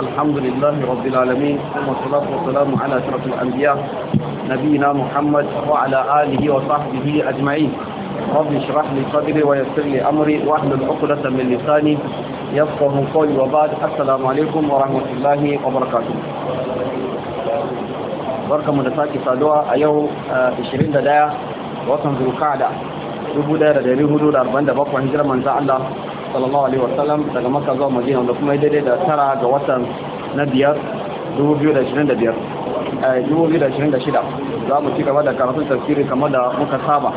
الحمد لله رب العالمين ثم الصلاة والسلام على أشرف الأنبياء نبينا محمد وعلى آله وصحبه أجمعين رب اشرح لي صدري ويسر لي أمري واحلل عقدة من لساني يفقه قولي وبعد السلام عليكم ورحمة الله وبركاته barkamu da sake saduwa a yau 21 watan zulkada 1447 hijirar manzan Allah sallallahu alaihi wasallam daga maka zuwa madina wanda kuma daidai da tara ga watan na biyar 2025 2026 eh, za mu ci gaba da karatun tafsiri kamar da muka saba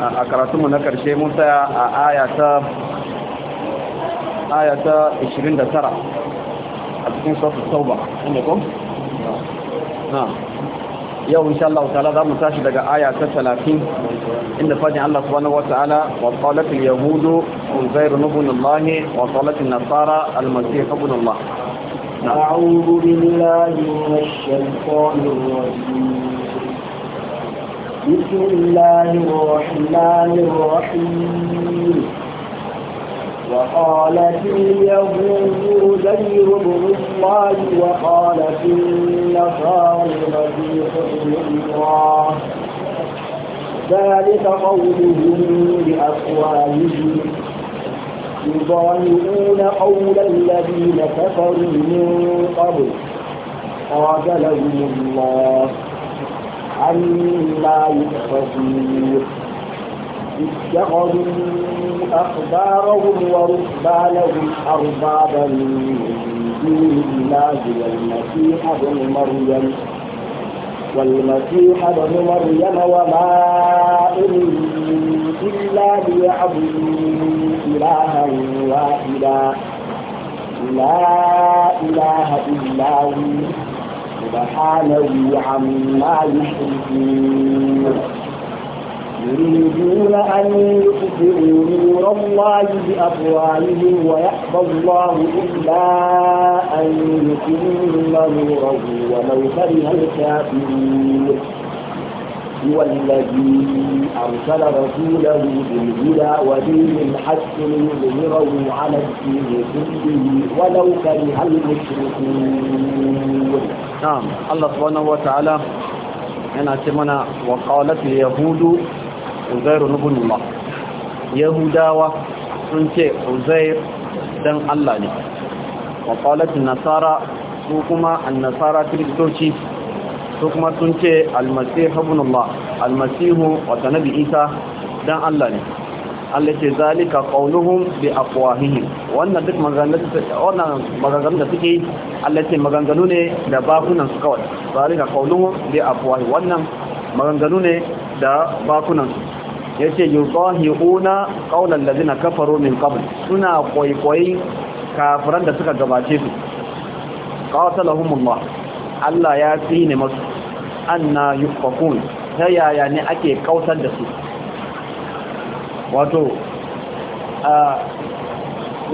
a karatunmu na karshe mun tsaya a ayata ayata 29 a cikin sosu tauba inda na yau insha Allah ta'ala za mu tashi daga aya ta 30 inda fadin Allah subhanahu wata'ala wa qalat yahudu uzairu ibn Allah wa qalat nasara al-masih ibn Allah a'udhu billahi minash shaitanir rajim بسم الله الرحمن في اليهود زير بن الله في النصارى المسيح ابن الله ذلك قولهم بأقوالهم يضاهئون قول الذين كفروا من قبل قاتلهم الله عما يؤفكون اتخذوا أخبارهم ورهبانهم أربابا من دون الله والمسيح ابن مريم والمسيح ابن مريم وما إلا ليعبدوا إلها واحدا لا إله إلا هو سبحانه عما يشركون يريدون أن يكفروا نور الله بأفواههم ويحفظ الله إلا أن يتم نوره ولو كره الكافرون هو الذي أرسل رسوله بالهدى ودين الحق ليظهره على الدين كله ولو كره المشركون. نعم الله سبحانه وتعالى أنا سمعنا وقالت اليهود uzairu nubunullah yahudawa sun ce uzair dan Allah ne maƙalatin nasara su kuma annasara kiristoci su kuma sun ce almasihu bunullah almasihu wa nabi isa dan Allah ne Allah ce zalika qauluhum bi afwahihim wannan duk maganganun wannan maganganun da suke Allah ce maganganu ne da bakunan su kawai zalika qauluhum bi afwahihim wannan maganganu ne da bakunan su yace yuqahiruna qaulan ladina kafaru min qabl suna koikoyi kafiran da suka gabace su qatalahumullah Allah ya tsine masu anna yufakun ta yaya ne ake kautar da su wato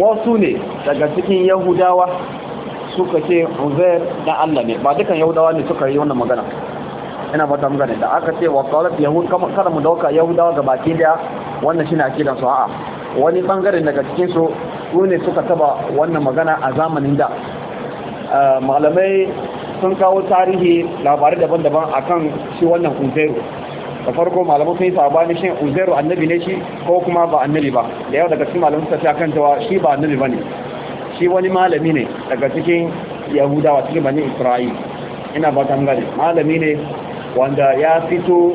wasu ne daga cikin yahudawa suka ce uzair da Allah ne ba dukan yahudawa ne suka yi wannan magana ina fata muka ne da aka ce wa qalat yahud kama kada mu dauka yahudawa ga baki daya wannan shine akidan su a'a wani bangare daga cikin su su ne suka taba wannan magana a zamanin da eh, malamai sun kawo tarihi labarai daban-daban akan shi wannan uzairu da farko malamai sun yi sabani shin uzairu annabi ne shi ko kuma ba annabi ba da yawa daga cikin malamai suka ce akan cewa shi ba annabi ba ne. shi wani malami ne daga cikin yahudawa cikin bani isra'il ina ba ta gane malami ne wanda ya fito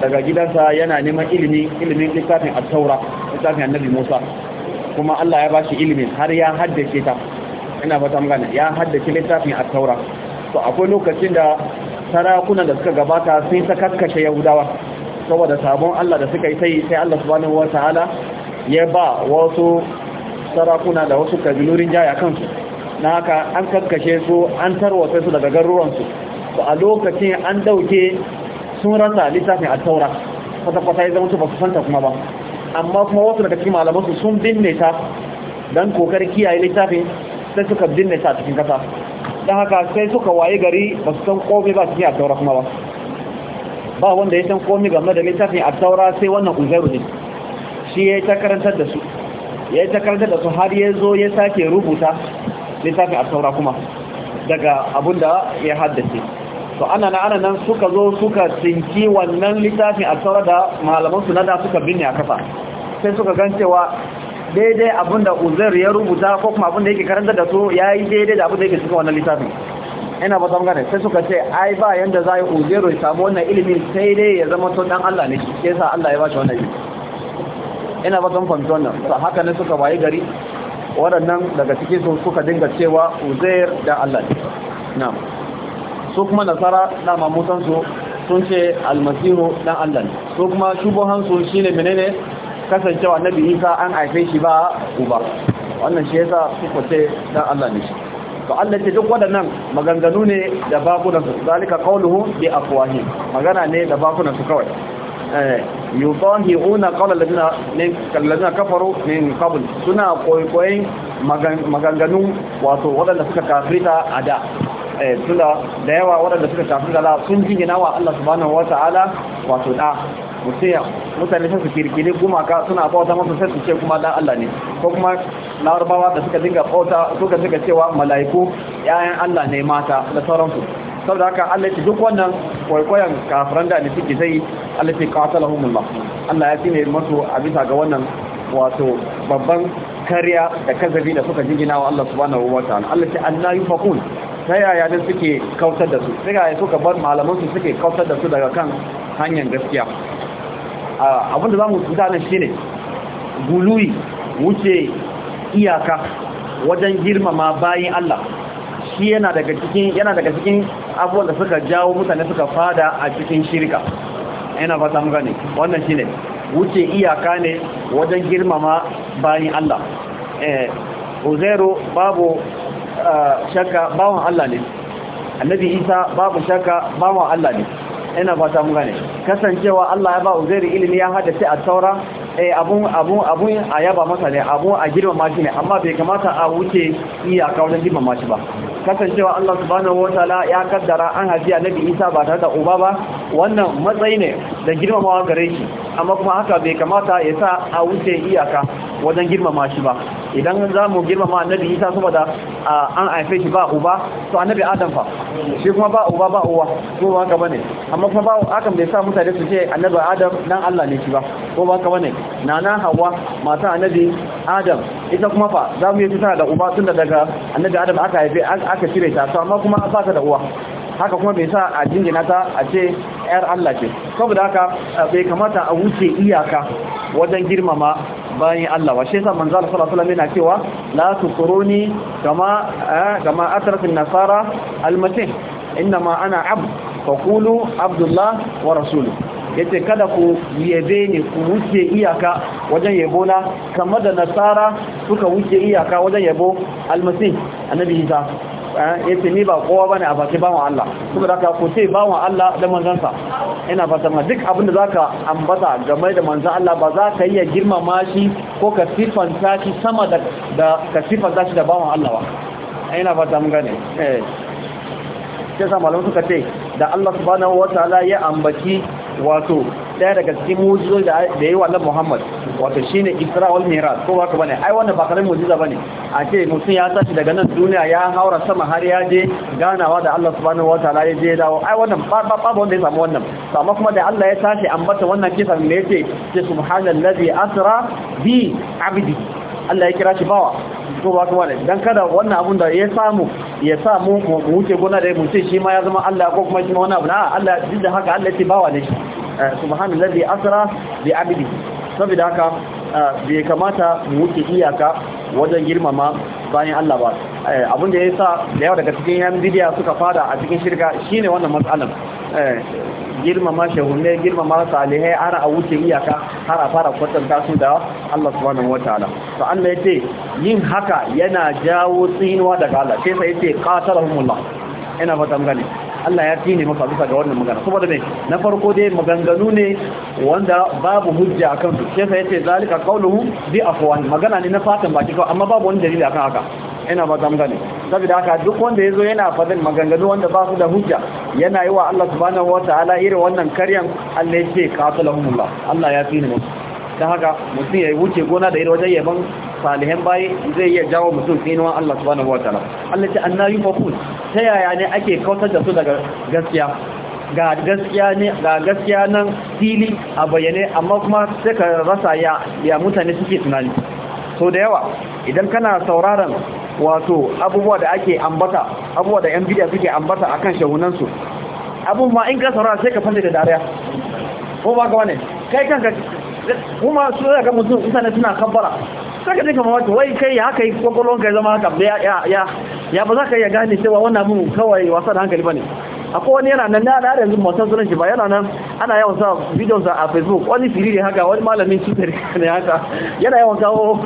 daga gidansa yana neman ilimi ilimin littafin Attaura, taura littafin annabi Musa kuma Allah ya bashi ilimin har ya haddace ta ina fata magana ya haddace littafin Attaura. to akwai lokacin da sarakunan da suka gabata sun ta kakkashe Yahudawa saboda sabon Allah da suka yi sai sai Allah subhanahu wataala ya ba wasu sarakuna da wasu kabilorin jaya kansu na haka an kakkashe su an tarwata su daga garuruwansu ko a lokacin an dauke sun rasa littafin at-taura kwata-kwata ya zama ba su santa kuma ba amma kuma wasu daga cikin malamansu sun binne ta don kokarin kiyaye littafin sai suka binne ta a cikin kasa don haka sai suka waye gari ba su san komai ba cikin at-taura kuma ba ba wanda ya san komai game da littafin at-taura sai wannan uzairu ne shi ya ta karantar da su ya ta karantar da su har ya zo ya sake rubuta littafin at-taura kuma daga abinda ya haddace to ana na ana nan suka zo suka tsinki wannan littafin a tsara da malamansu na da suka binne a kafa, sai suka gan cewa daidai abinda uzair ya rubuta ko kuma abinda yake karanta da su ya yi daidai da abinda yake suka wannan littafin ina ba gane sai suka ce ai ba yanda za yi uzairu ya samu wannan ilimin sai dai ya zama to dan Allah ne ke sa Allah ya ba shi wannan ina ba zan fahimci wannan haka ne suka waye gari waɗannan daga cikin su suka dinga cewa uzair da Allah ne na'am su kuma nasara na mamutansu su sun ce almasihu dan Allah ne su kuma shubuhan shi shine menene kasancewa na Isa an haife shi ba uba wannan shi yasa su kwace dan Allah ne shi to Allah ce duk waɗannan maganganu ne da bakunansu zalika qawluhu bi afwahi magana ne da bakunansu kawai eh, yudahiuna qawla alladhina min alladhina kafaru min qabl suna koyoyin maganganu wato waɗanda suka kafirta a da Eh, suna da yawa waɗanda suka shafi da sun jingina wa Allah subhanahu ta'ala wato da mutiya mutane sun su kirkiri gumaka suna bauta masa sai su ce kuma dan Allah ne ko kuma larabawa da suka dinga bauta suka dinga cewa mala'iku ƴaƴan Allah ne mata da sauransu saboda haka Allah ya duk wannan kwaikwayon kafiran da ne suke sai Allah ya qatalahumullah Allah ya tine masu a bisa ga wannan wato babban kariya da kazabi da suka jingina wa Allah subhanahu ta'ala. Allah ya annayu yufakun ta yaya da suke kautar da su ta yaya suka bar malaman su suke kautar da su daga kan hanyar gaskiya abinda da za mu tuta nan shine guluyi wuce iyaka wajen girmama bayin Allah shi yana daga cikin yana abubuwan da suka jawo mutane suka fada a cikin shirka yana fata gane wannan shine wuce iyaka ne wajen girmama bayan Allah eh babu shakka bawan Allah ne annabi isa babu shakka bawan Allah ne ina fata mun gane kasancewa Allah ya ba uzairi ilimi ya sai a taura eh abun abun abun a yaba masa ne abun a girmama shi ne amma bai kamata a wuce iyaka wajen girmama shi ba kasancewa Allah subhanahu wataala ya kaddara an haji annabi isa ba tare da uba ba wannan matsayi ne da girmamawa gare shi amma kuma haka bai kamata ya sa a wuce iyaka wajen girmama shi ba idan za mu girmama annabi isa kuma da an haife shi ba uba to annabi adam fa shi kuma ba uba ba uwa ko ba haka bane amma kuma ba hakan bai sa mutane su ce annabi adam dan Allah ne shi ba ko ba haka bane nana hawa mata annabi adam ita kuma fa za mu yi tana da uba tun daga annabi adam aka haife aka cire ta to amma kuma ba ta da uwa haka kuma bai sa a jingina ta a ce ‘yar Allah ce, saboda haka bai kamata a wuce iyaka wajen girmama bayan Allah washe sa manzo Allah sallallahu alaihi wasallam yana cewa la tusuruni kama eh, kama atrat nasara al-masih inma ana abd faqulu abdullah wa rasuluhu yace kada ku yabe ni ku wuce iyaka wajen yabo na kamar da nasara suka wuce iyaka wajen yabo almasih annabi isa Eh, yace ni ba kowa bane a fati bawon Allah saboda da ka kuce bawon Allah da manzansa ina fata ma duk abin da zaka ambata game da manzon Allah ba za ka iya girmama shi ko ka sifanta shi sama da ka sifanta shi da bawon Allah ba ina fata mun gane eh sai sa malamu suka ce da Allah subhanahu wataala ya ambaci wato daya daga cikin mujizoyi da yayi wa Muhammad wato shine Isra wal Mi'raj ko ba ka bane ai wannan ba karamin mu'jiza bane a ce mutum ya tashi daga nan duniya ya haura sama har ya je ganawa da Allah subhanahu ta'ala ya je dawo ai wannan ba ba wanda ya samu wannan To amma kuma da Allah ya tashi ambata wannan kisan ne yace ce subhanallazi asra bi abdi Allah ya kira shi bawa to ba ka bane. dan kada wannan abun da ya samu ya samu mu wuce gona da mu ce shi ma ya zama Allah ko kuma shi ma wani abu na Allah duk da haka Allah ya ce bawa ne shi eh, subhanallazi asra bi abdi saboda haka bai kamata mu wuce iyaka wajen girmama bayan Allah ba abin da ya sa da yawa daga cikin yan bidiya suka fada a cikin shirka ne wannan matsalan girmama shehunne girmama salihai har a wuce iyaka har a fara kwatanta su da Allah subhanahu wataala to Allah yace yin haka yana jawo tsinuwa daga Allah sai sai yace qatalahumullah ina fata mun gane Allah ya tine maka bisa ga wannan magana saboda me na farko dai maganganu ne wanda babu hujja akan su sai sai yace zalika qawluhu bi afwan magana ne na fatan baki ko amma babu wani dalili akan haka ina ba zan gane saboda haka duk wanda yazo yana fadin maganganu wanda ba su da hujja yana yi wa Allah subhanahu wataala irin wannan karyan Allah yake qatalahumullah Allah ya tine musu ta haka mutum ya wuce gona da irin wajen yaban salihan bayi zai iya jawo mutum tsinuwa Allah subhanahu wataala Allah ta annabi mafun ta yaya ne ake kautar da su daga gaskiya ga gaskiya ne ga gaskiya nan fili a bayyane amma kuma sai ka rasa ya ya mutane suke tunani so da yawa idan kana sauraron wato abubuwa da ake ambata abubuwa da yan bidiya suke ambata akan shahunansu abun ma in ka saurara sai ka fanta da dariya ko ba ga wane kai kanka kuma su zaka mutum mutane suna kabbara saka dinka mamaki wai kai haka yi kwakwalon kai zama haka ya ya ya ba za ka iya gane cewa wannan mu kawai wasa da hankali ba ne akwai wani yana nan na da yanzu motar zuran shi ba yana nan ana yawan sa bidon sa a facebook wani siriri haka wani malamin super ne haka yana yawan kawo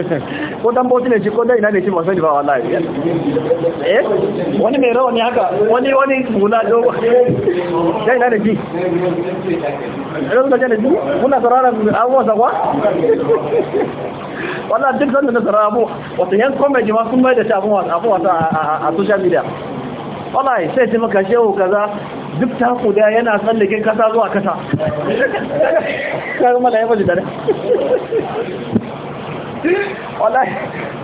ko dan bauchi ne shi ko dan ina ne shi ba sani ba wallahi eh wani mai rawani haka wani wani mula do dan ina ne shi ran da ne ji kuna sararan abuwa sa kwa wallahi duk zan da sarabu wato yan comedy ma sun mai da shi abun a social media wallahi sai sai maka shehu kaza duk ta kuda yana tsallake kasa zuwa kasa karu mala ya baji dare wallahi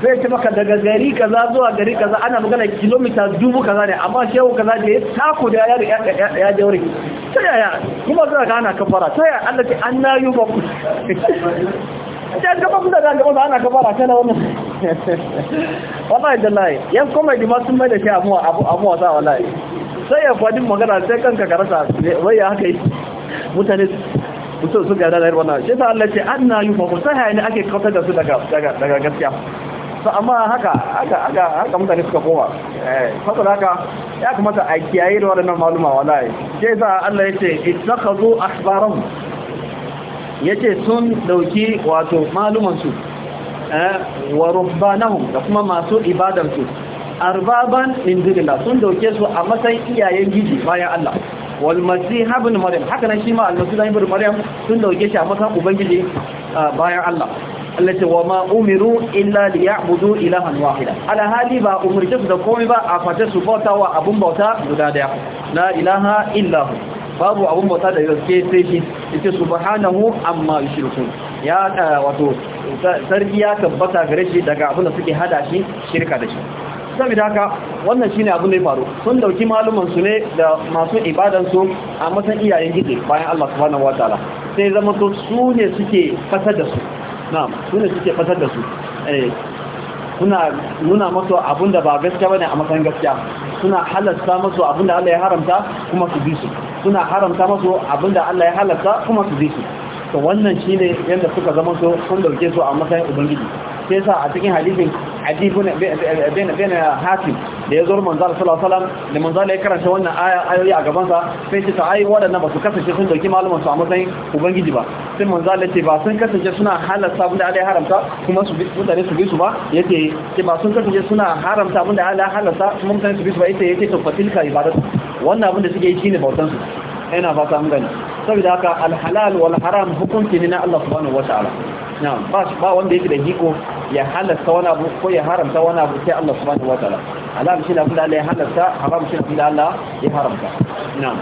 zai ce maka daga gari kaza zuwa gari kaza ana magana kilomita dubu kaza ne amma shehu kaza da ya taku da ya ya jaure ta yaya kuma zuwa ga ana kafara ta yaya Allah ce an nayu ba ku ta gaba kuma da gaba ana kafara ta na wannan wallahi da yan kuma di ma sun mai da shi abuwa abuwa za wallahi sai ya faɗi magana sai kanka ka rasa wai ya haka yi mutane su su ga ranar wannan shi ta Allah ce an na yi fahimu sai hayani ake kauta da su daga gaskiya su amma haka haka haka haka mutane suka koma eh, saboda haka ya kamata a kiyaye da waɗannan maluma wallahi shi yasa Allah ya ce ittakhadhu ahbarahum yace sun dauki wato malumansu, su eh, wa rubbanahum da kuma masu ibadarsu. arbaban min dunillah sun dauke su a matsayin iyayen giji bayan Allah wal masih ibn maryam haka nan shi ma al masih ibn maryam sun dauke shi a matsayin ubangiji bayan Allah allati wa ma umiru illa liya'budu ilahan wahida ala hali ba umurce su da komai ba a fata su bauta wa abun bauta guda daya la ilaha illa hu babu abun bauta da gaske sai shi yace subhanahu amma yushrikun ya wato sarki ya tabbata gare shi daga abin da suke hada shi shirka da shi da haka wannan shine abin da ya faru sun dauki maluman su ne da masu ibadan su a matsayin iyayen gidi bayan Allah subhanahu wataala sai zama to su ne suke fatar da su na'am su ne suke fatar da su eh, suna nuna masu abin da ba gaskiya bane a matsayin gaskiya suna halasta masu abin da Allah ya haramta kuma su bi su suna haramta masu abin da Allah ya halasta kuma su bi su to wannan shine yadda suka zama su sun dauke su a matsayin ubangiji sai sa a cikin hadisin adi bin hatim da ya zo manzala sallallahu alaihi wasallam da manzala ya karanta wannan ayoyi a gabansa sai ce ta ai waɗannan ba su kasance sun dauki malumin su a matsayin ubangiji ba sai manzala ce ba sun kasance suna halarta abin da Allah ya haramta kuma su mutane su bi su ba yace ce ba sun kasance suna haramta abin da Allah ya halarta kuma mutane su bi su ba yace yace to fatilka ibadatu wannan abin da suke yi shine bautan su ina fata mun gani saboda haka alhalal wal haram hukunci ne na Allah subhanahu wataala ba wanda yake da hiko ya halasta wani abu ko ya haramta wani abu sai Allah subhanahu wa ta'ala halal shi da Allah ya halasta haram shi da Allah ya haramta na'am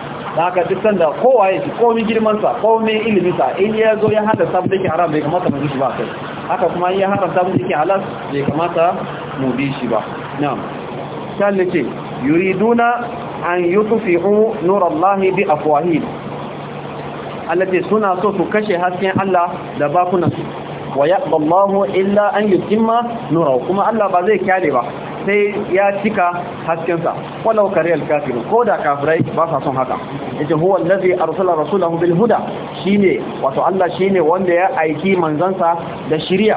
ka duk sanda kowa ya ci komai girman sa komai ilimin sa in ya zo ya halasta mu dake haram bai kamata mu bi shi ba kai haka kuma in ya haramta mu dake halal bai kamata mu bi shi ba na'am kan ce yuriduna an yutfi'u nurallahi bi afwahihim allati suna so su kashe hasken Allah da bakunan su wa ya illa an yutimma nurau. kuma Allah ba zai kyale ba sai ya cika haskensa walau kariyar kafiru ko da kafirai ba sa son haka yace huwa allazi arsala rasulahu bil huda shine wato Allah shine wanda ya aiki manzansa da shirya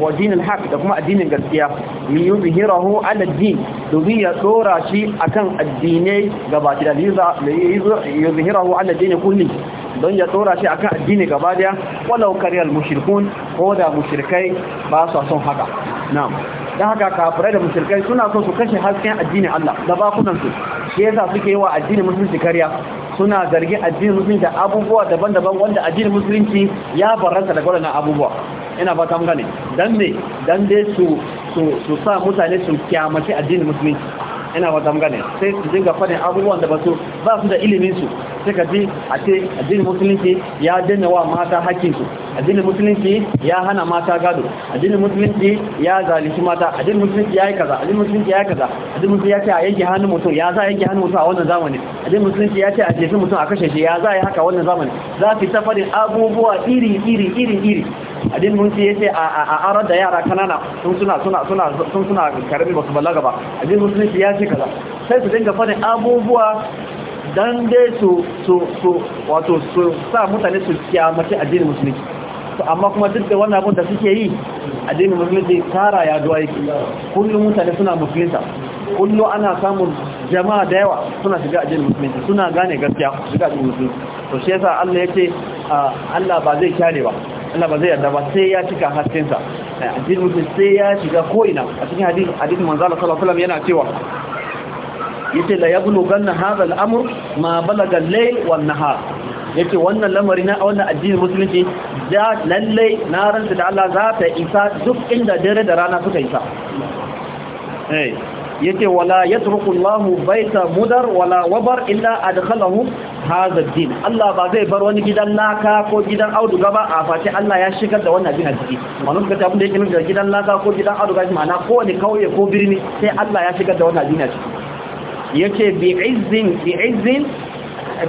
wa dinin haq da kuma addinin gaskiya yi yuzhirahu ala din domin ya tsora shi akan addinai gabaki da yuzhirahu ala din kulli don ya tsora shi akan addini gaba daya walau kariyar mushrikun ko da mushrikai ba su son haka Na da haka kafirai da mushrikai suna so su kashe hasken addinin Allah da bakunansu. su shi yasa suke yi wa addinin musulunci kariya suna zargin addinin musulunci abubuwa daban-daban wanda addinin musulunci ya barranta daga waɗannan abubuwa ina ba ta gane dan ne dan dai su su sa mutane su kyamace addinin musulunci ina wata magana sai su dinga fadin abubuwan da ba su ba su da ilimin su sai ka ji a ce addinin musulunci ya danna wa mata hakkin su addinin musulunci ya hana mata gado addinin musulunci ya zalunci mata addinin musulunci ya yi kaza addinin musulunci ya yi kaza addinin musulunci ya ce a yanke hannun mutum ya za a yanke hannun mutum a wannan zamani addinin musulunci ya ce a jefi mutum a kashe shi ya za a yi haka wannan zamani za su ta fadin abubuwa iri iri iri iri adin mun ce yace a a arar da yara kanana sun suna suna suna sun suna karbi ba su balaga ba adin mun ce ya ce kaza sai su dinga fadin abubuwa dan dai su su su wato su sa mutane su kiyamace addinin musulunci to amma kuma duk da wannan abun da suke yi addinin musulunci tara ya duwa yake kullum mutane suna musulunta kullum ana samun jama'a da yawa suna shiga addinin musulunci suna gane gaskiya shiga addinin musulunci to shi yasa Allah yace ah, Allah ba zai kyale ba Allah ba zai yarda ba sai ya cika haskensa eh, addinin musulmi sai ya shiga ko'ina a cikin hadisin manzala sallallahu alaihi yana cewa yace la yablughanna hadha al al'amur ma balaga al-layl wan nahar yace wannan lamari na wannan addinin musulunci da lalle na ranta da Allah za ta isa duk inda dare da rana suka isa eh, yace wala yatruku Allahu baita mudar wala wabar illa adkhalahu hadha din Allah ba zai bar wani gidan laka ko gidan auduga ba a face Allah ya shigar da wannan abin a ciki wannan kace abin da yake nuna gidan laka ko gidan auduga shi ma'ana ko wani kauye ko birni sai Allah ya shigar da wannan abin a ciki bi bi'izzin bi'izzin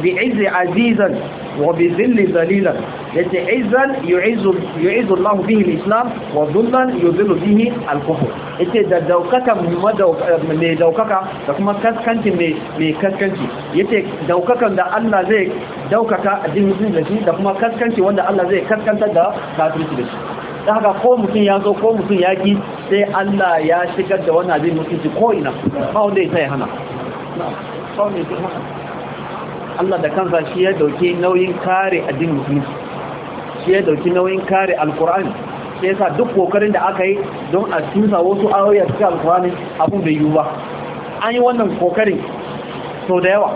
bi'izzi azizan wa bi zilli zalilan yace izan yu'izu yu'izu Allah bihi al-islam wa dhullan yudhillu bihi al-kufr yace da daukaka mai daukaka da kuma kaskanci mai mai kaskanci yace da Allah zai daukaka addinin da shi da kuma wanda Allah zai kaskanta da kafirci da haka ko mutum ya zo ko mutum ya ki sai Allah ya shigar da wannan abin mutunci ko ina ba wanda ya hana Allah da kansa shi ya dauki nauyin kare addinin musulunci shi ya dauki nauyin kare alkur'ani shi yasa duk kokarin da aka yi don a tusa wasu ayoyi cikin alkur'ani abun bai yiwu ba an yi wannan kokarin sau da yawa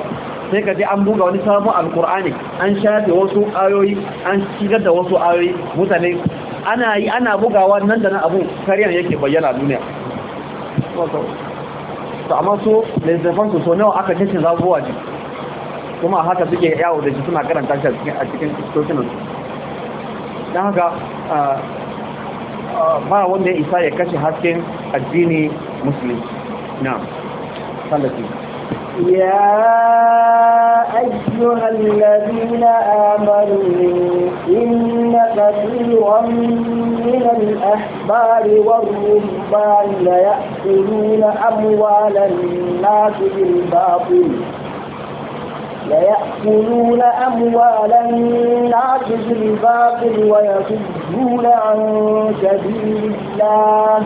sai ka an buga wani sabon alkur'ani an shafe wasu ayoyi an shigar da wasu ayoyi mutane ana yi ana bugawa nan da nan abun karyan yake bayyana duniya to amma so da zafan su so nawa aka kace zabuwa ji kuma haka suke yawo da shi suna karanta shi a cikin sosinus don haka ba wanda ya isa ya kashe hasken addini musulun na sallafi يا أيها الذين آمنوا إن كثيرا من الأحبار والرهبان ليأكلون أموال الناس بالباطل ليأكلون أموال الناس بالباطل ويصدون عن سبيل الله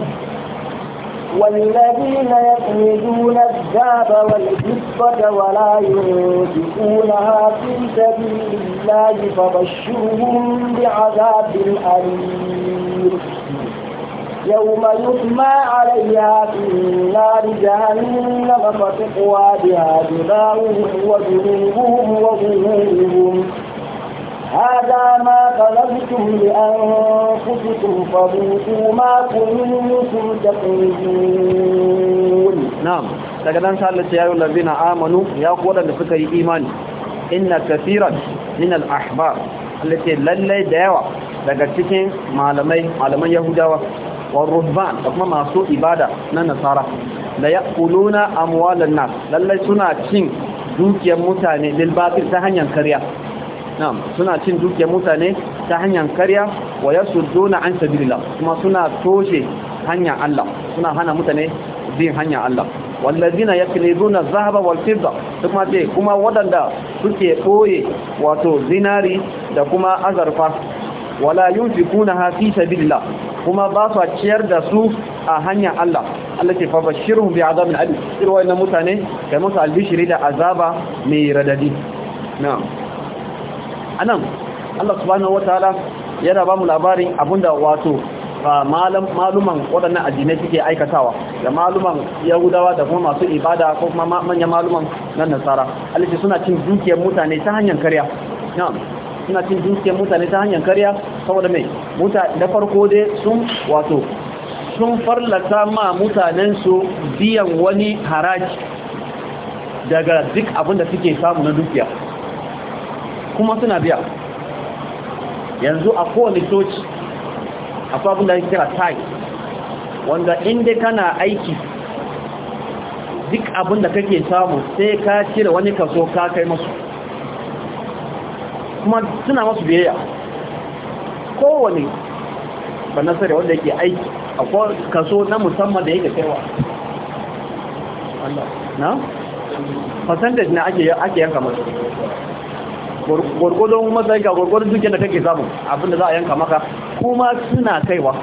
والذين يكنزون الذهب والفضة ولا ينفقونها في سبيل الله فبشرهم بعذاب أليم يوم يسمى عليها في نار جهنم فتقوى بها جباههم وجنوبهم وظهورهم هذا ما قلبتم لأنفسكم فذوقوا ما كنتم تقولون نعم لقد أنسى التي يقول الذين آمنوا يقول لفكر إيمان إن كثيرا من الأحبار التي للي دعوة لقد تكن معلمين معلمين يهودا wa da kuma masu ibada na nasara la yaquluna amwalan nas lallai suna cin dukiyar mutane lil ta hanyar karya suna cin dukiya mutane ta hanyar karya wa yasudduna an sabilillah kuma suna toshe hanyar Allah suna hana mutane bin hanyar Allah wallazina yaknizuna zahaba wal fidda kuma ce kuma wadanda suke boye wato zinari da kuma azarfa wala yunfikuna kuma ba su ciyar da su a hanyar Allah Allah ke fabashiru bi azabin adi irwa na mutane kai musu albishiri da azaba mai radadi na'am anan Allah subhanahu wataala yana ba mu labarin abinda wato malam maluman waɗannan addinai suke aikatawa da maluman yahudawa da kuma masu ibada ko kuma manyan maluman nan nasara Allah ce suna cin dukiyar mutane ta hanyar karya na'am suna cin dukiyar mutane ta hanyar karya saboda mai muta da farko dai sun wato sun farlata ma mutanensu biyan wani haraji daga duk abin suke samu na dukiya kuma suna biya yanzu a kowane coci a abin da ya kira tai wanda inda kana aiki duk abinda kake samu sai ka cire wani kaso ka kai masu kuma suna masu biyayya kowane ba nasara wanda yake aiki a kaso na musamman da yake kaiwa na? percentage na ake yanka masu gwargwadon matsayi ga gwargwadon duk da kake samun abinda za a yanka maka kuma suna kaiwa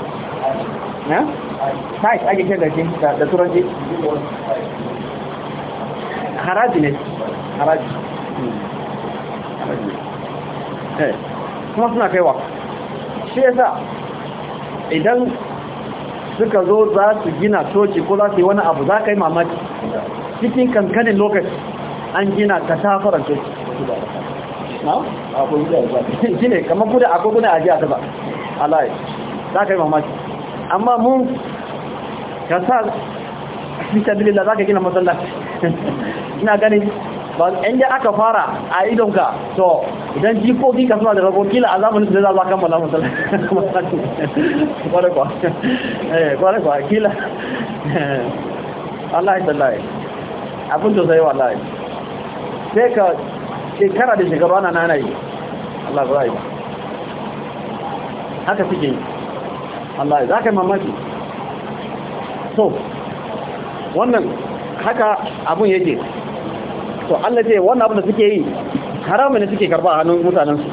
na? tax ake kai gashi da turanci haraji ne haraji hmm. haraji Eh, kuma suna kaiwa shi yasa idan suka zo za su gina coci ko za su yi wani abu za ka yi mamaki cikin kankanin lokaci an gina ta tafaran coci shi ne kama kuda akwai guda ajiya ta ba alayi za ka yi mamaki amma mun ka sa fi sabili da za ka gina matsalaci ina ganin ba in aka fara a idon ka to idan jikoki ka suna da rabo kila a zamanin da za a kammala masallaci kwarai kwa eh kwarai kwa kila ya tallahi abin da zai wallahi sai ka shekara da shekaru ana nanayi Allah ya yi haka suke yi Allah za ka yi mamaki so wannan haka abun yake to Allah ce wannan abin da suke yi haramun ne suke karba a hannun mutanen su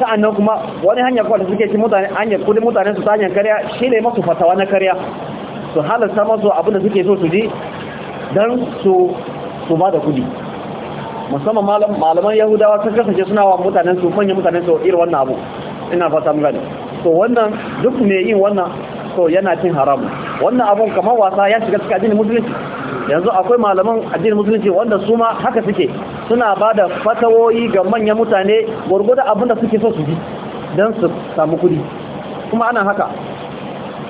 sa'annan kuma wani hanya kuma da suke ci mutane hanyar kudin mutanen su ta hanyar karya ne masu fatawa na karya su halarta masu abin da suke so su ji dan su su ba da kudi musamman malaman yahudawa sun kasance suna wa mutanen su manyan mutanen su irin wannan abu ina fata mun gani to wannan duk ne yin wannan to yana cin haram wannan abun kamar wasa ya shiga cikin musulunci yanzu akwai malaman addinin musulunci wanda su ma haka suke suna ba da fatawoyi ga manyan mutane gwargwada abinda suke so su ji don su samu kudi kuma ana haka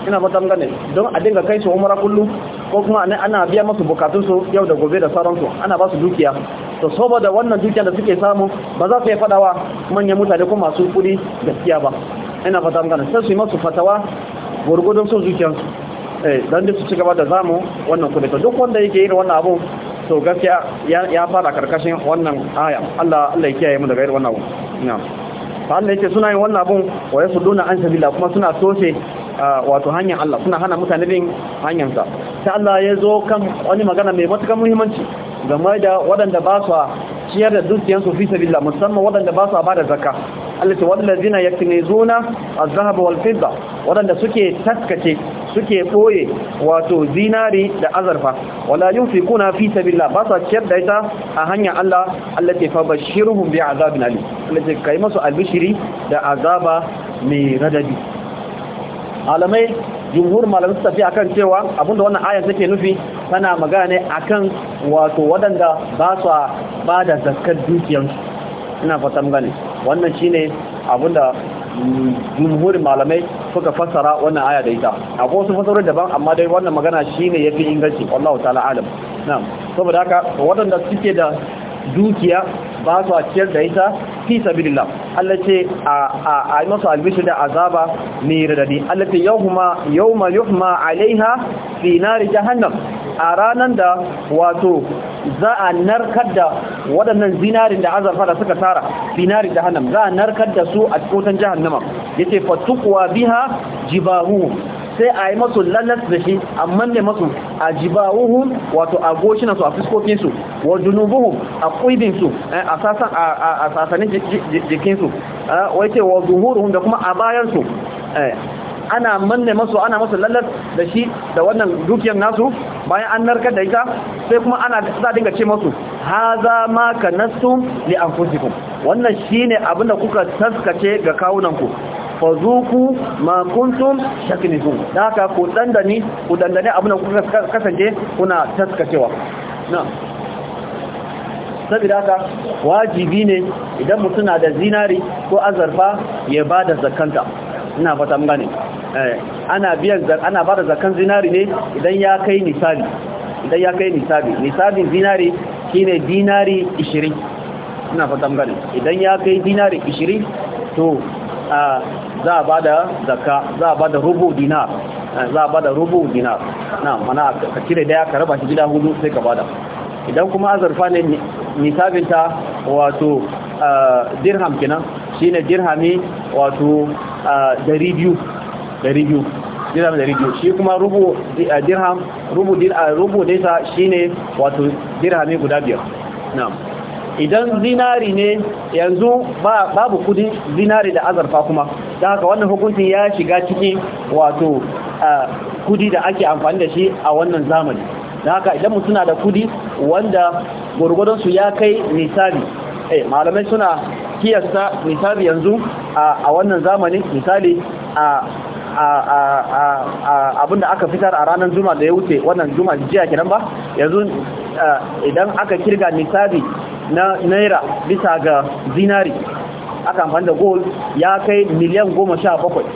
ina fatan gane don a dinga kai su umara kullu ko kuma ana biya masu bukatunsu yau da gobe da sauransu ana ba su dukiya to saboda wannan dukiya da suke samu ba za su yi fadawa manyan mutane ko masu kudi gaskiya ba ina fatan gane sai su yi masu fatawa gwargwadon son zuciyarsu Eh, dan da su ci gaba da zamu wannan kudi to duk wanda yake irin wannan abu to gaskiya ya fara karkashin wannan aya Allah Allah ya kiyaye mu daga irin wannan abu na'am Allah yake suna yin wannan abun wa yasuduna an sabila kuma suna tose ah, wato hanyar Allah suna hana mutane bin sa, sai Allah ya zo kan wani magana mai matukar muhimmanci game da waɗanda ba su ciyar da dukiyansu fi sabila musamman waɗanda ba su ba da zakka Allah ce wallazina yaknizuna az-zahaba wal fidda wadanda suke taskace suke boye wato zinari da azarfa wala yunfikuna fi sabilillah ba sa ciyar da ita a hanyar Allah Allah ce fabashshirhum azabin ali. Allah ce kai albishiri da azaba mai radadi alamai jumhur malamai su tafi akan cewa abinda wannan ayar take nufi tana magana ne akan wato wadanda ba su ba da zakkar dukiyarsu ina magana ne. wannan shine abinda mm, jumhurin malamai suka fassara wannan aya da ita akwai wasu fasarar daban amma dai wannan magana ya fi inganci wallahu ta'ala alam na'am saboda haka waɗanda suke da dukiya ba su a ciyar da ita fi sabilillah Allah ce a yi masu albishi da azaba ne radadi Allah ce yawma yawma yuhma alaiha fi nari jahannam a ranan da wato za a narkar da waɗannan zinarin da azurfa da suka tara zinarin da za a narkar da su a cikin jahannama yace fatuqwa biha jibahu sai a yi masu lalas da shi a manne masu a jibawuhun wato a su, a fiskokinsu wa junubuhun a ƙuibinsu eh, a sasanin jikinsu wace eh, wa zuhuruhun da kuma a bayansu eh. ana manne masu ana masu lalas da shi da wannan dukiyar nasu bayan an narkar da ita sai kuma ana za dinga ce masu, haza ma ka nasu li fusikun wannan shine abinda kuka taskace ga kawunanku fazuku ma kuntum shakinizun da haka ku dandani ku dandane abinda kuka kasance kuna taskacewa na sabida haka wajibi ne idan mutum na da zinari ko azarfa ya ba da zakanta ina fata mun gane Eh, ana biyan ana bada zakan zinari ne idan ya kai nisabi idan ya kai nisabi nisabin zinari shine dinari 20 ina fatan gane idan ya kai dinari 20 to za a bada zakka za a bada rubu dinar eh, za a bada rubu dinar na mana ka cire daya ka raba shi gida hudu sai ka bada idan kuma azurfa ne nisabinta wato eh, dirham kenan shine dirhami wato dirham dirham biyu, shi kuma rubu eh, dirham rubu rubu sa shine wato dirhami guda biyar na'am idan zinari ne yanzu babu kudin zinari da azarfa kuma da haka wannan hukuncin ya shiga cikin wato kudi da ake amfani da shi a wannan zamani da haka idan mu suna da kudi wanda su ya kai misali, eh malamai suna kiyasta misali yanzu a wannan zamani misali a abin da aka fitar a ranar juma da ya wuce wannan juma jiya kenan ba yanzu idan aka kirga nisabi na naira bisa ga zinari aka amfani da gold ya kai miliyan goma sha bakwai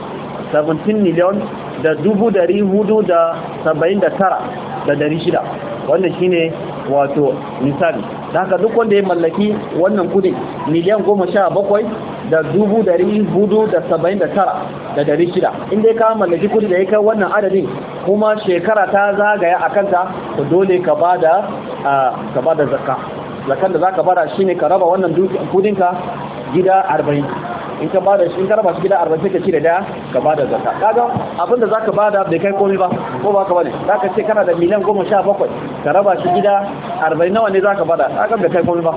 17 miliyan da dubu dari hudu da saba'in da tara da dari shida wannan shine wato nisabi da haka duk wanda ya mallaki wannan kudin miliyan goma sha bakwai da dubu dari hudu da saba'in da tara da dari shida in dai ka mallaki kudi da ya kai wannan adadin kuma shekara ta zagaya a kanta to dole ka ba da ka ba da zakka zakkan da za ka bada ne ka raba wannan kudinka gida arba'in in ka bada shi in ka raba shi gida arba'in sai ka ci da daya ka ba da zakka kaga abinda ba da bai kai komai ba ko ba ka za ka ce kana da miliyan bakwai ka raba shi gida arba'in nawa ne za zaka bada kaga bai kai komai ba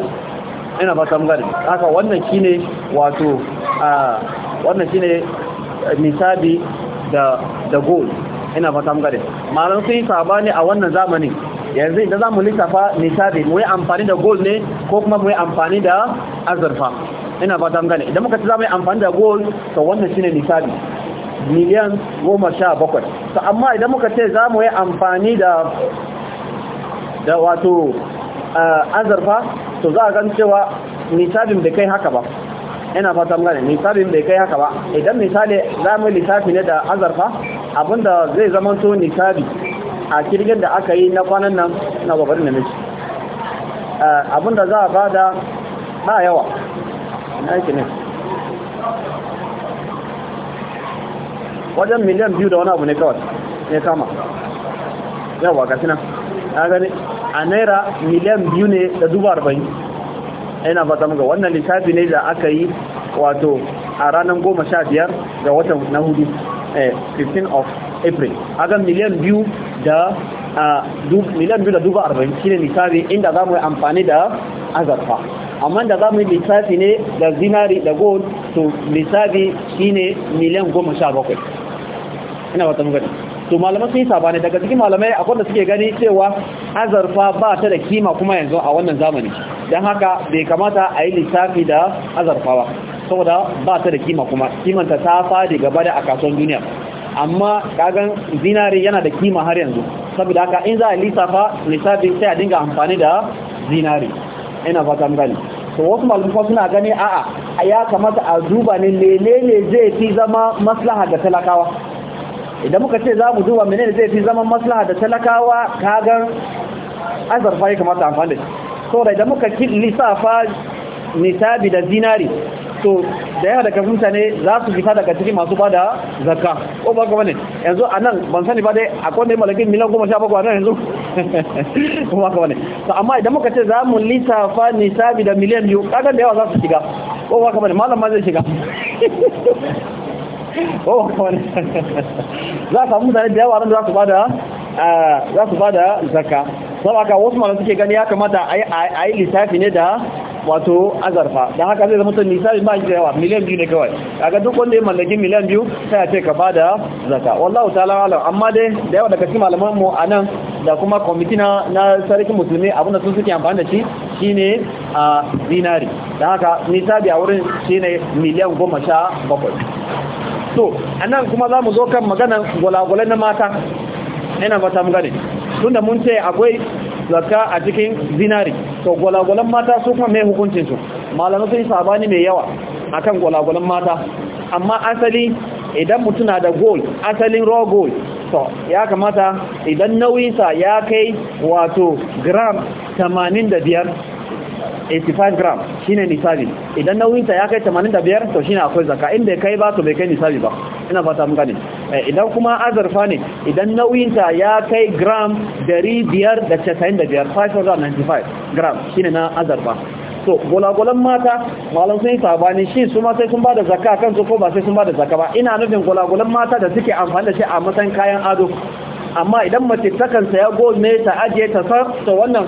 ina ba san gani haka wannan shine wato a wannan shine nisabi da da gol. ina ba san gani malam sai sabani a wannan zamanin yanzu idan zamu lissafa nisabi mu yi amfani da gol ne ko kuma mu yi amfani da azurfa ina ba san gani idan muka ci zamu yi amfani da gol to wannan shine nisabi miliyan goma sha bakwai to amma idan muka ce za mu yi amfani da da wato azurfa to za a gan cewa nisabin bai kai haka ba ina fatan gane nisabin bai kai haka ba idan misali za mu lissafi ne da azarfa abinda zai zama to nisabi a kirgin da aka yi na kwanan nan na babbar namiji eh, abinda za a bada ba yawa na yake ne wajen miliyan biyu da wani abu ne kawai ne kama yawa ga sinan ka a naira miliyan biyu ne da dubu arba'in ina fata muka wannan lissafi ne da aka yi wato a ranar goma sha biyar ga watan na hudu 15 eh, of april aga miliyan biyu da miliyan biyu da dubu arba'in shine lissafi inda za mu yi amfani da azarfa amma da za mu yi lissafi ne da zinari da gold to shi shine miliyan goma sha bakwai ina fata muka to malaman sun yi sabani daga cikin malamai akwai da suke gani cewa azarfa ba ta da kima kuma yanzu a wannan zamani don haka bai kamata a yi lissafi da azarfa ba saboda ba ta da kima kuma kimanta ta fadi gaba da a kasuwan duniya amma kagan zinari yana da kima har yanzu saboda haka in za a lissafa lissafi sai a dinga amfani da zinari ina fatan gani to wasu malamai suna gani a'a ya kamata a duba ne menene zai fi zama maslaha ga talakawa idan muka ce za mu duba menene zai fi zaman maslaha da talakawa kagan azarfa ya kamata amfani da so da idan muka lissafa nisabi da zinari to da yawa daga mutane za su fita daga cikin masu bada zakka ko ba ka bane yanzu anan ban sani ba dai akwai ne malakin miliyan goma sha bakwai anan yanzu ko ba ka bane to amma idan muka ce za mu lissafa nisabi da miliyan biyu kaga da yawa za su shiga ko ba ka bane malam ma zai shiga Oh, wani za a samu mutane da yawa nan za su bada za su bada aka wasu malam suke gani ya kamata a yi lissafi ne da wato azarfa da haka zai zama tun misali ba shi da yawa miliyan biyu ne kawai ga duk wanda ya mallaki miliyan biyu sai a ce ka ba da zaka wallahu ta'ala alam amma dai da yawa daga cikin malaman mu nan da kuma kwamiti na na sarkin musulmi abinda sun suke amfani da shi shine a zinari da haka nisabi a wurin shine miliyan goma sha bakwai to anan kuma za mu zo kan maganan gwalagwalai na mata ina mata mu gane tunda mun ce akwai zaka a cikin zinari to gwalagwalan mata su kuma mai hukuncin su malamai sun sabani mai yawa akan gwalagwalan mata amma asali idan mutum na da goal asalin raw goal to ya kamata idan nauyinsa ya kai wato gram 85 85 gram shine nisabi idan ta ya kai 85 to shine akwai zakka inda kai ba to bai kai nisabi ba ina fata mun gane eh, idan kuma azurfa ne idan ta ya kai gram 595 595 gram shine na azurfa so gulagulan mata malam sun yi sabani shi su ma sai sun bada zakka kan su ko ba sai sun ba da zakka ba ina nufin gulagulan mata da suke amfani da shi a matsayin kayan ado amma idan mace takan saya go ne ta ajiye ta sa to wannan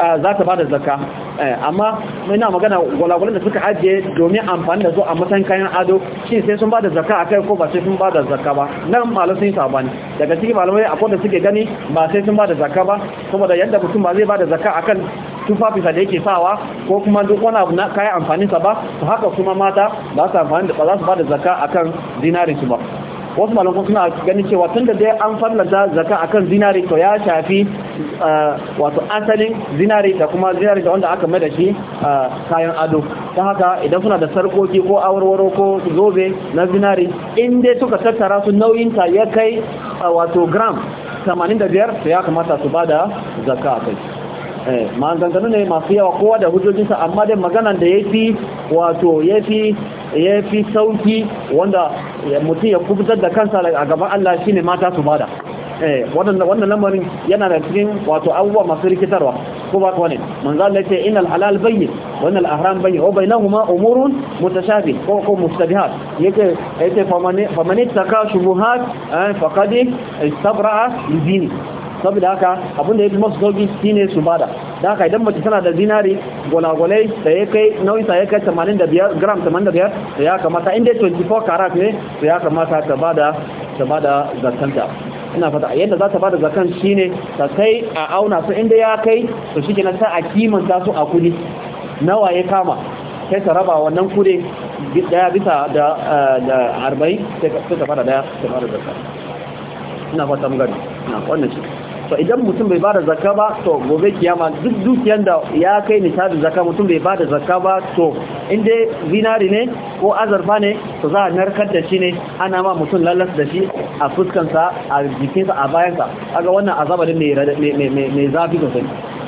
ah, za ta bada zakka Eh, amma ina magana gwalagwalin da suka ajiye domin amfani da su a matan kayan ado shi sai sun ba da zakka a kai ko ba sai sun ba da zakka ba nan malar sun yi sabani daga ciki malamai akwai da suke gani ba sai sun ba da zakka ba saboda yadda mutum ba zai ba da zakka akan tufafinsa da yake sawa ko kuma duk wani abu na kayan amfaninsa ba to haka kuma mata ba su amfani da ba za su ba da zakka akan dinarinsu ba wasu malamu suna ganin cewa tun da dai an fallata zaka akan zinari to ya shafi uh, wato asalin zinari da kuma zinari da wanda aka mada shi uh, kayan ado ta haka idan suna da sarkoki ko awarwaro ko zobe na zinari in dai suka tattara su ta ya kai uh, wato gram 85 to ya kamata su ba da zaka a kai eh, maganganu ne masu yawa kowa da hujjojinsa amma dai maganan da ya fi wato ya fi sauki wanda Eh, mutum ya kubutar da kansa a gaban Allah ne mata su bada eh, wannan lamarin yana da cikin wato abubuwa masu rikitarwa ko ba kwanin manzan da ce innal halal bayyin wannan al-ahram bayyin nahu ma umurun mutashafi ko ko mustabihat yake yake famane taka shubuhat eh, faqad istabra lidini saboda haka abinda fi masu shi ne su bada da haka idan mace tana da zinari gwalagwalai da ya kai nauyin sa ya kai 85 gram 85 da ya kamata inda 24 karat ne da ya kamata ta bada ta bada ina fata yadda za ta bada zakan shine ta kai a auna su inda ya kai to shikenan sai a kimanta su a kudi nawa ya kama sai ta raba wannan kudi daya bisa da eh, da 40 sai ta fara daya ta bada zakka ina fata mun gani ina wannan shi to idan mutum bai bada zakka ba to gobe kiyama duk dukiyar da ya kai ni nisabin zakka mutum bai bada zakka ba to in dai zinari ne ko azarfa ne to za a narkar da shi ne ana ma mutum lallas da shi a fuskansa a jikinsa a bayansa kaga wannan azaba ne mai zafi sosai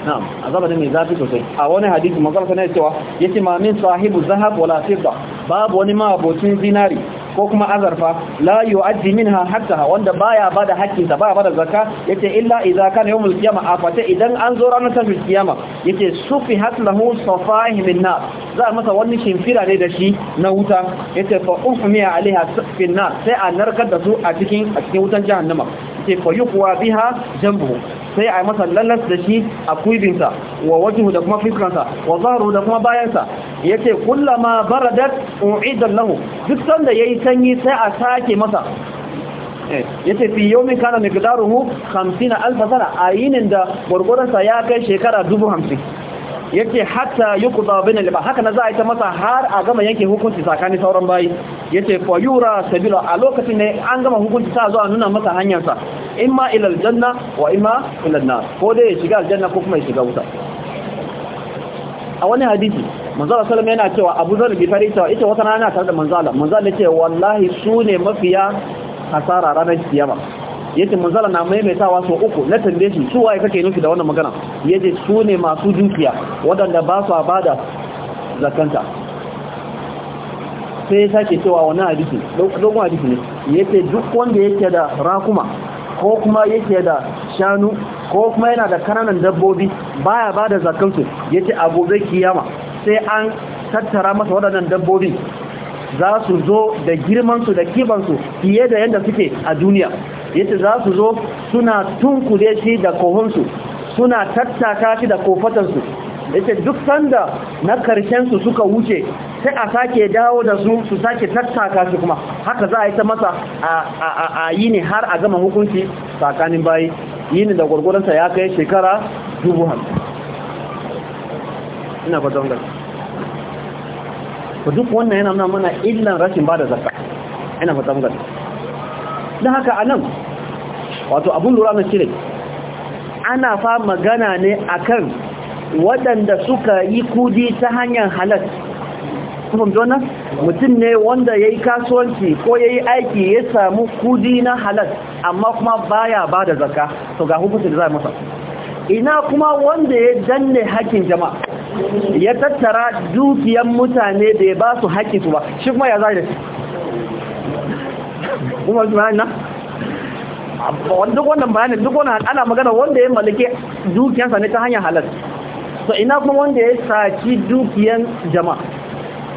na'am azaba ne mai zafi sosai a wani hadisi manzon sallallahu alaihi Ya yace ma min sahibu zahab wala fidda babu wani ma abocin zinari ko kuma azarfa la yu'addi minha hatta wanda baya bada hakkinsa baya bada zakka yace illa idza kana yawmul qiyamah afata idan an zo ranar tashin kiyama yace sufi haslahu safahi min nar za a masa wani shimfira ne da shi na wuta yace fa uhmiya alaiha fin nar sai a narkar da su a cikin a cikin wutan jahannama yace fa yuqwa biha jambu sai a yi masa lallas da shi a kuibinsa wa wajihu da kuma fiskansa wa zahru da kuma bayansa ya yace kullama baradat u'ida lahu duk sanda ya yi sanyi sai a sake masa eh, ya ce fi yawmin kana miqdaruhu 50000 a ayinin da gurgurdan ya kai shekara 50000 yake hatta yuqda bin al haka na za a yi ta masa har a gama yanke hukunci tsakanin sauran bayi yace fa yura sabila a lokacin ne an gama hukunci sa zuwa nuna masa hanyar sa imma ila aljanna wa imma ila an-nar ko dai ya shiga aljanna ko kuma shiga wuta a wani hadisi manzala wasallam yana cewa abu zar gifari ita wata rana tare da manzala manzala ce wallahi sune mafiya hasara ranar kiyama yace manzala na maimaitawa sau uku na tambaye shi su waye kake nufi da wannan magana yace su ne masu dukiya waɗanda ba su bada zakanta sai ya sake cewa wannan hadisi dogon hadisi ne yace duk wanda yake da rakuma ko kuma yake da shanu ko kuma yana da kananan dabbobi baya ba da zakansu yace abubai kiyama sai an tattara masa waɗannan dabbobi za su zo da girmansu da kibansu fiye da yadda suke a duniya yace za su zo suna tunkure shi da kohonsu suna tattaka shi da kofatansu yace duk sanda na karshen su suka wuce sai a sake dawo da su su sake tattaka shi kuma haka za a yi ta masa a yi ne har a gama hukunci tsakanin bayi yi ne da gwargwaronsa ya kai shekara dubu har, ina fatan Ba duk wannan yana mana illan rashin ba da zakka ina ba gani don haka a nan wato abun lura na cire ana fa magana ne akan waɗanda suka yi kudi ta hanyar halar kuma mutum ne wanda ya yi kasuwanci ko ya yi aiki ya samu kudi na halar amma kuma baya ba da zaka to ga hukuncin da za masa ina kuma wanda ya danne hakkin jama'a ya tattara dukiyan mutane da ya ba su su ba shi kuma ya zai da shi kuma su bayan nan duk wannan bayani duk wannan ana magana wanda ya maliki dukiyansa ne ta hanyar halal to ina kuma wanda ya saci dukiyan jama'a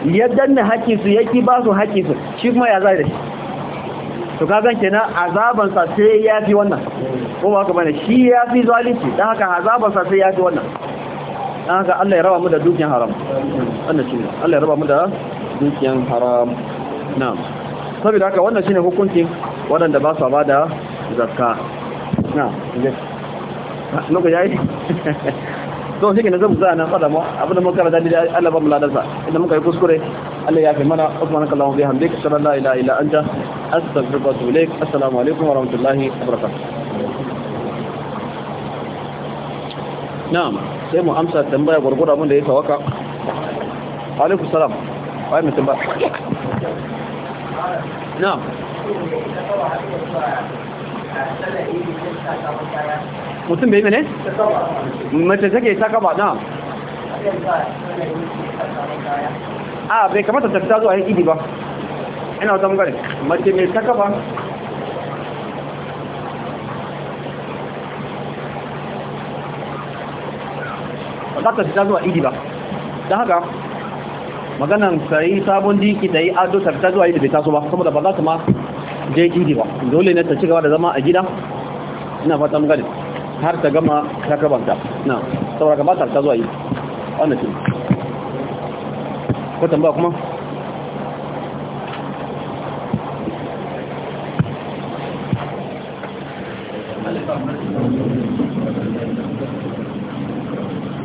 ya danna su ya ki ba su su shi kuma ya zai da shi to kagan kenan azabansa sai ya fi wannan ko ba ka bane shi ya fi zalunci dan haka azabansa sai ya fi wannan dan haka Allah ya raba mu da dukiyan haram Allah Allah ya raba mu da dukiyan haram na'am saboda haka wannan shine hukuncin waɗanda ba su ba da zakka na nuka yayi to shi ne zan za nan kada mu abin da mun karanta da Allah ba mu ladarsa idan muka yi kuskure Allah ya fi mana subhanaka allahumma bihamdika ashhadu an la ilaha illa anta astaghfiruka wa atubu assalamu alaikum wa rahmatullahi wa barakatuh na'am sai mu amsa tambaya gurgurda mun da ya sawaka alaikum salam wai mutum ba na'am mutum bai mene? mace take ta kaba na'am a bai kamata ta fita zuwa yin idi ba ina wata bangare mace mai ta kaba za ta fita zuwa idi ba don haka maganan sai sabon diki da yi ado ta zuwa yi da bai taso ba saboda ba za ta ma je gidi ba dole ne ta ci gaba da zama a gida ina fata mun gani har ta gama takabanta na saboda ba ta zuwa yi wannan shi ko tambaya kuma